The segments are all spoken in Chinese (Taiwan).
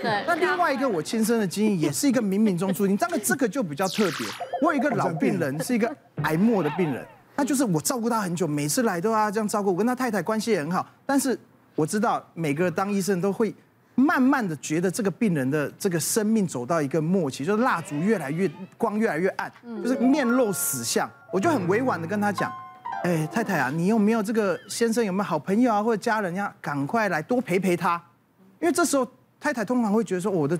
對，那另外一個我親身的經歷也是一個冥冥中注定，當然這個就比較特別。我有一個老病人，是一個癌末的病人，那就是我照顧他很久，每次來都要這樣照顧。我跟他太太關係也很好，但是我知道每個當醫生都會慢慢的覺得這個病人的這個生命走到一個末期，就是蠟燭越來越，光越來越暗，就是面露死相。我就很委婉的跟他講，哎、欸，太太啊，你有沒有這個先生有沒有好朋友啊，或者家人呀？趕快來多陪陪他，因為這時候。太太通常會覺得說我的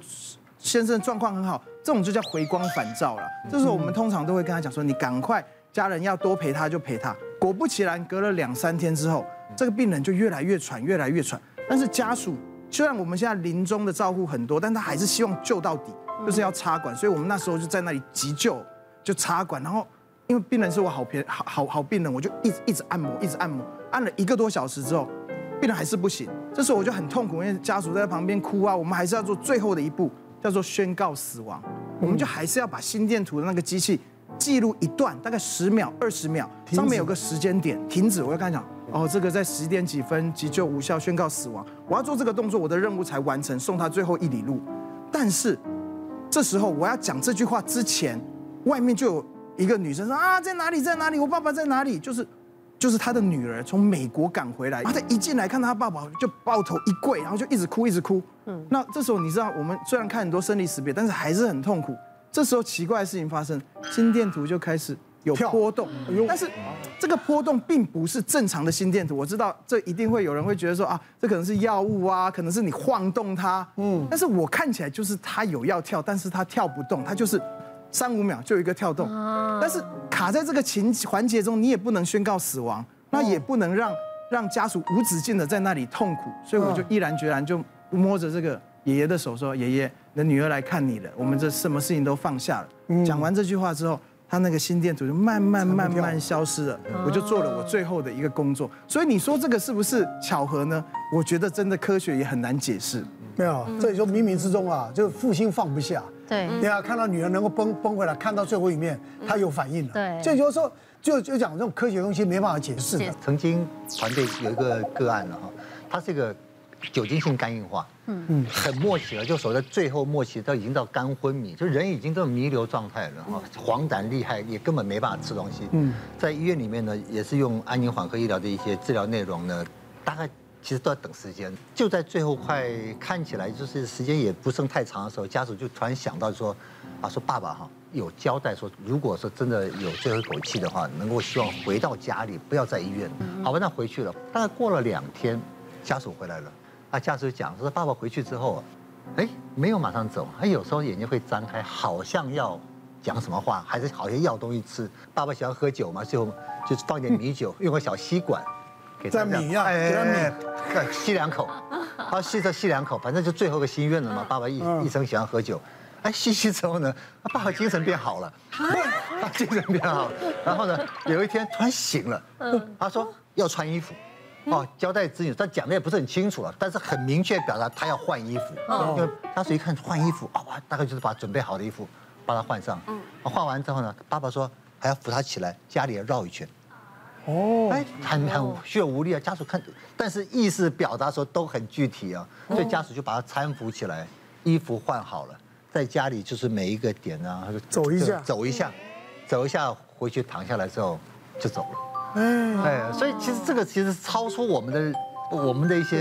先生狀況很好，這種就叫回光返照了。這時候我們通常都會跟他講說，你趕快家人要多陪他就陪他。果不其然，隔了兩三天之後，這個病人就越來越喘，越來越喘。但是家屬雖然我們現在臨終的照顧很多，但他還是希望救到底，就是要插管。所以我們那時候就在那裡急救，就插管。然後因為病人是我好朋好好好病人，我就一直一直按摩，一直按摩，按，按了一個多小時之後，病人還是不行，這時候我就很痛苦，因為家屬在旁邊哭啊。我們還是要做最後的一步，叫做宣告死亡。嗯、我們就還是要把心電圖的那個機器記錄一段，大概十秒、二十秒，止上面有個時間點停止。我就開始講，哦，這個在十點幾分，急救無效，宣告死亡。我要做這個動作，我的任務才完成，送他最後一里路。但是這時候我要講這句話之前，外面就有一個女生說啊，在哪裡，在哪裡，我爸爸在哪裡？就是。就是他的女兒從美國趕回來，她一進來看到他爸爸就抱頭一跪，然後就一直哭一直哭。嗯，那這時候你知道，我們雖然看很多生離死別，但是還是很痛苦。這時候奇怪的事情發生，心電圖就開始有波動，但是這個波動並不是正常的心電圖。我知道這一定會有人會覺得說啊，這可能是藥物啊，可能是你晃動它。嗯，但是我看起來就是他有要跳，但是他跳不動，他就是。三五秒就有一個跳動，但是卡在這個情環節中，你也不能宣告死亡，那也不能讓讓家屬無止境的在那裡痛苦，所以我就毅然決然就摸着這個爺爺的手說：“爺爺，你的女兒來看你了，我們這什麼事情都放下了。”講完這句話之後，他那個心電圖就慢慢慢慢消失了，我就做了我最後的一個工作。所以你說這個是不是巧合呢？我覺得真的科學也很難解釋，沒有，這裡就冥冥之中啊，就是父親放不下。對，對、啊嗯、看到女兒能夠崩崩回來，看到最後一面她有反應了。嗯、對，就是說候就就講這種科學東西沒辦法解釋的。謝謝曾經團隊有一個個案了，哈，它是一個酒精性肝硬化，嗯嗯，很末期了，就守在最後末期，到已經到肝昏迷，就人已經到彌留狀態了哈，黃疸厲害，也根本沒辦法吃東西，嗯，在醫院裡面呢，也是用安寧緩和醫療的一些治療內容呢，大概。其實都要等時間，就在最後快看起來就是時間也不剩太長的時候，家屬就突然想到說，啊，說爸爸哈有交代說，如果說真的有最後一口氣的話，能夠希望回到家裡，不要在醫院。好吧，那回去了。大概過了兩天，家屬回來了，啊，家屬就講說爸爸回去之後，哎，沒有馬上走，哎，有時候眼睛會張開，好像要講什麼話，還是好像要東西吃。爸爸喜歡喝酒嘛，最後就放點米酒，用個小吸管。給他在抿呀、啊，哎,哎,哎，吸兩口，他吸着吸兩口，反正就最後個心願了嘛。爸爸一、嗯、一生喜歡喝酒，哎，吸吸之後呢，他爸爸精神變好了，他、啊啊、精神變好了。然後呢，啊、有一天突然醒了，嗯，他說要穿衣服，哦，交代子女，他講的也不是很清楚了，但是很明確表達他要換衣服，哦、因為他是一看換衣服，啊、哦，大概就是把準備好的衣服把他換上，嗯，換完之後呢，爸爸說還要扶他起來，家裡要繞一圈。哦，哎、欸，很很血無力啊，家屬看，但是意思表達說都很具體啊，所以家屬就把他攙扶起來，衣服換好了，在家裡就是每一個點呢、啊，走一下，走一下，走一下，回去躺下來之後就走了。哎、嗯，所以其實這個其實超出我們的我們的一些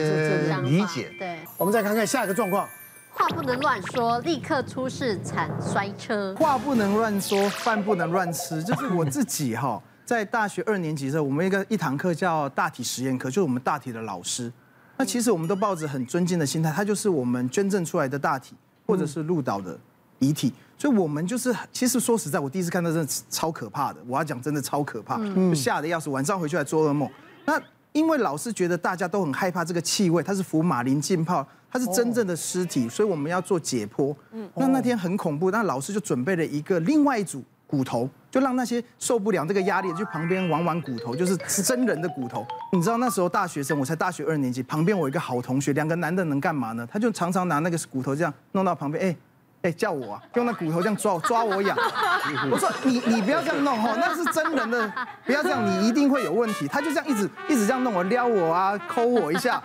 理解。嗯，就是、對，我們再看看下一個狀況。話不能亂說，立刻出事慘摔車。話不能亂說，飯不能亂吃，就是我自己哈、哦。 在大學二年級的時候，我們一個一堂課叫大體實驗課，就是我們大體的老師。那其實我們都抱着很尊敬的心態，他就是我們捐贈出來的大體或者是路倒的遺體，所以我們就是其實說實在，我第一次看到真的超可怕的，我要講真的超可怕，嚇得要死，晚上回去還做噩夢。那因為老師覺得大家都很害怕這個氣味，它是福馬林浸泡，它是真正的屍體，所以我們要做解剖。那那天很恐怖，那老師就準備了一個另外一組骨頭。就讓那些受不了這個壓力，去旁邊玩玩骨頭，就是真人的骨頭。你知道那時候大學生，我才大學二年級，旁邊我一個好同學，兩個男的能幹嘛呢？他就常常拿那個骨頭這樣弄到旁邊，哎、欸，誒、欸，叫我，啊，用那骨頭這樣抓我抓我癢。 我說你你不要這樣弄哈，那是真人的，不要這樣，你一定會有問題。他就這樣一直一直這樣弄我，撩我啊，摳我一下。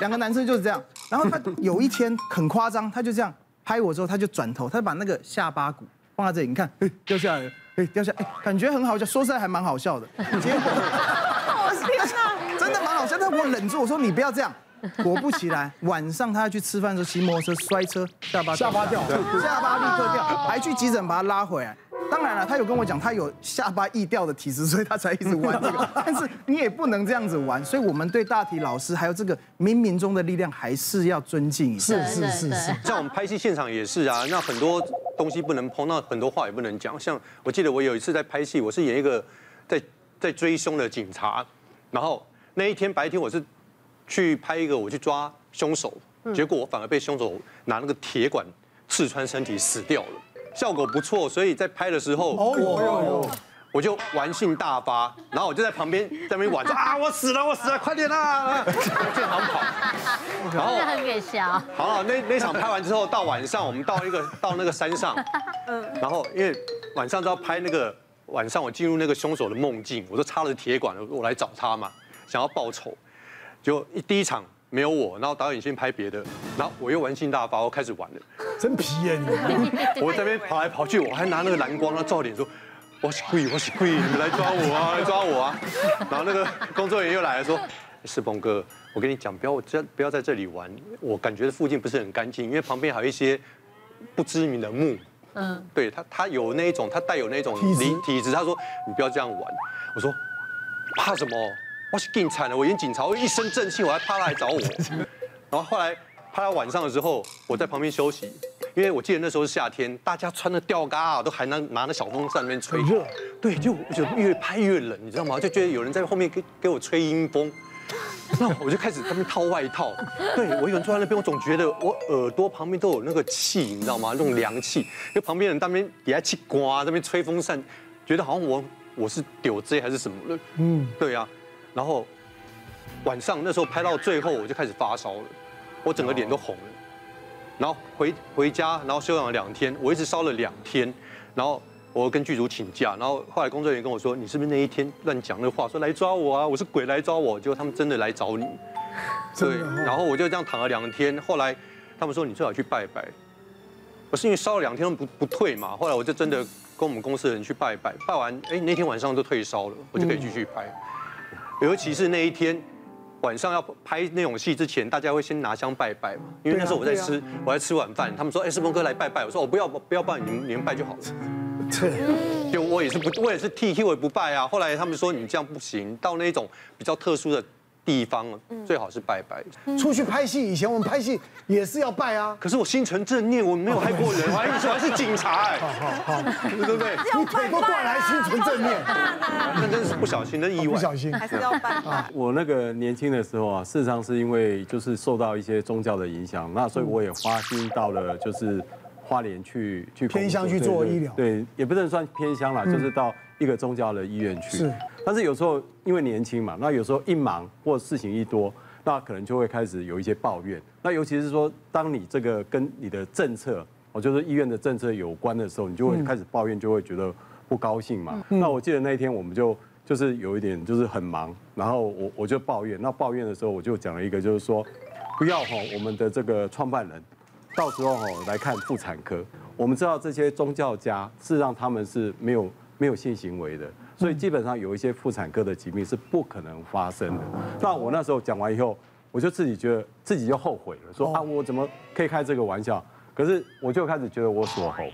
兩個男生就是這樣，然後他有一天很誇張，他就這樣拍我之後，他就轉頭，他就把那個下巴骨。放在這裡，你看，嘿，掉下來了，嘿，掉下來，欸、感覺很好笑，說出來還蠻好笑的。 好笑，真的蠻好笑。但我忍住，我說你不要這樣。果不其然，晚上他要去吃飯的時候騎摩托車摔車，下巴下巴掉，下巴立刻掉，還去急診把他拉回來。當然了，他有跟我講，他有下巴易掉的體質，所以他才一直玩這個。 但是你也不能這樣子玩，所以我們對大體老師還有這個冥冥中的力量還是要尊敬一下。是是是是。是是是像我們拍戲現場也是啊，那很多東西不能碰，那很多話也不能講。像我記得我有一次在拍戲，我是演一個在在追凶的警察，然後那一天白天我是去拍一個我去抓凶手，結果我反而被凶手拿那個鐵管刺穿身體死掉了。效果不錯，所以在拍的時候，我就玩性大發，然後我就在旁邊在那邊玩，啊我死了我死了，快點啦，見好跑。然後很搞笑。好，那場那場拍完之後，到晚上我們到一個到那個山上，嗯，然後因為晚上都要拍那個晚上我進入那個兇手的夢境，我就插了鐵管，我來找他嘛，想要報仇，就一第一場。沒有我，然後導演先拍別的，然後我又玩性大發，我開始玩了，真皮耶你！我在那邊跑來跑去，我還拿那個藍光然後照臉說，我是鬼，我是鬼，你來抓我啊，來抓我啊！然後那個工作人員又來了說，世朋哥，我跟你講，不要在不要在這裡玩，我感覺附近不是很乾淨，因為旁邊還有一些不知名的墓。嗯，對他他有那一種，他帶有那一種體體質，他說你不要這樣玩。我說怕什麼？我是更慘了，我演警察，我一身正氣，我還怕他來找我。然後後來拍到晚上的時候，我在旁邊休息，因為我記得那時候是夏天，大家穿的吊嘎啊，都還能拿那小風扇在那邊吹，熱。對，就就越拍越冷，你知道嗎？就覺得有人在後面給給我吹陰風，那我就開始在那邊套外套。對，我一個人坐在那邊，我總覺得我耳朵旁邊都有那個氣，你知道嗎？那種涼氣，就旁邊人那邊也在吹刮，那邊吹風扇，覺得好像我我是屌錐還是什麼？嗯，對啊。然後晚上那時候拍到最後，我就開始發燒了，我整個臉都紅了。然後回回家，然後休養了兩天，我一直燒了兩天。然後我跟劇組請假，然後後來工作人員跟我說：“你是不是那一天亂講的話，說來抓我啊？我是鬼來抓我。”結果他們真的來找你。對，然後我就這樣躺了兩天。後來他們說：“你最好去拜拜。”我是因為燒了兩天不不退嘛。後來我就真的跟我們公司的人去拜拜，拜完哎那天晚上都退燒了，我就可以繼續拍。尤其是那一天晚上要拍那種戲之前，大家會先拿香拜拜嘛。因為那時候我在吃，我在吃晚飯。他們說：“哎，世朋哥來拜拜。”我說：“我不要，不要拜，你們，你們拜就好了。”對，就我也是不，我也是鐵齒我也不拜啊。後來他們說你這樣不行，到那種比較特殊的。地方最好是拜拜。出去拍戲以前，我們拍戲也是要拜啊。可是我心存正念，我沒有害過人。我還是警察，好，對不對？你腿都斷了還，心存正念。那真的是不小心的意外。不小心還是要拜。我那個年輕的時候啊，事實上是因為就是受到一些宗教的影響，那所以我也花心到了就是花蓮去去偏鄉去做醫療。對，也不能算偏鄉啦，就是到。一個宗教的醫院去，但是有時候因為年輕嘛，那有時候一忙或事情一多，那可能就會開始有一些抱怨。那尤其是說，當你這個跟你的政策，哦，就是醫院的政策有關的時候，你就會開始抱怨，就會覺得不高興嘛。那我記得那一天，我們就就是有一點就是很忙，然後我我就抱怨。那抱怨的時候，我就講了一個，就是說，不要吼我們的這個創辦人，到時候吼來看婦產科。我們知道這些宗教家是讓他們是沒有。沒有性行為的，所以基本上有一些婦產科的疾病是不可能發生的。那我那時候講完以後，我就自己覺得自己就後悔了，說啊，我怎麼可以開這個玩笑？可是我就開始覺得我鎖喉，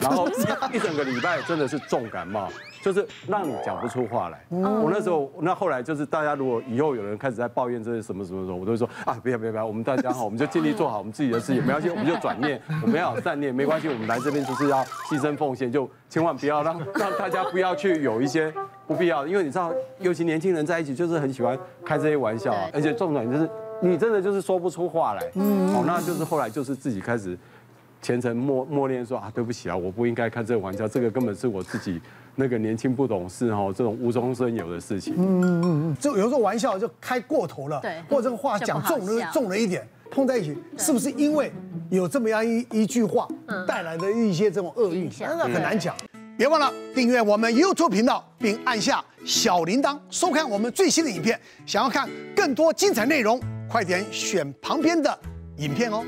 然後一整個禮拜真的是重感冒。就是讓你講不出話來。我那時候，那後來就是大家，如果以後有人開始在抱怨這些什麼什麼什麼，我都會說啊，不要不要不要，我們大家好，我們就盡力做好我們自己的事也，也沒關係，我們就轉念，我們要善念，沒關係，我們來這邊就是要犧牲奉獻，就千萬不要讓讓大家不要去有一些不必要的。因為你知道，尤其年輕人在一起就是很喜歡開這些玩笑，啊，而且重點就是你真的就是說不出話來。嗯，好，那就是後來就是自己開始虔誠默默念說啊，對不起啊，我不應該開這個玩笑，這個根本是我自己。那個年輕不懂事哈，這種無中生有的事情，嗯嗯嗯，就有時候玩笑就開過頭了，對，或者這個話講重了重了一點，對碰在一起，對是不是因為有這麼樣一一句話帶來的一些這種厄運？那、嗯、很，很難講。別對、嗯、忘了訂閱我們 YouTube 頻道，並按下小鈴鐺，收看我們最新的影片。想要看更多精彩內容，快點選旁邊的影片哦。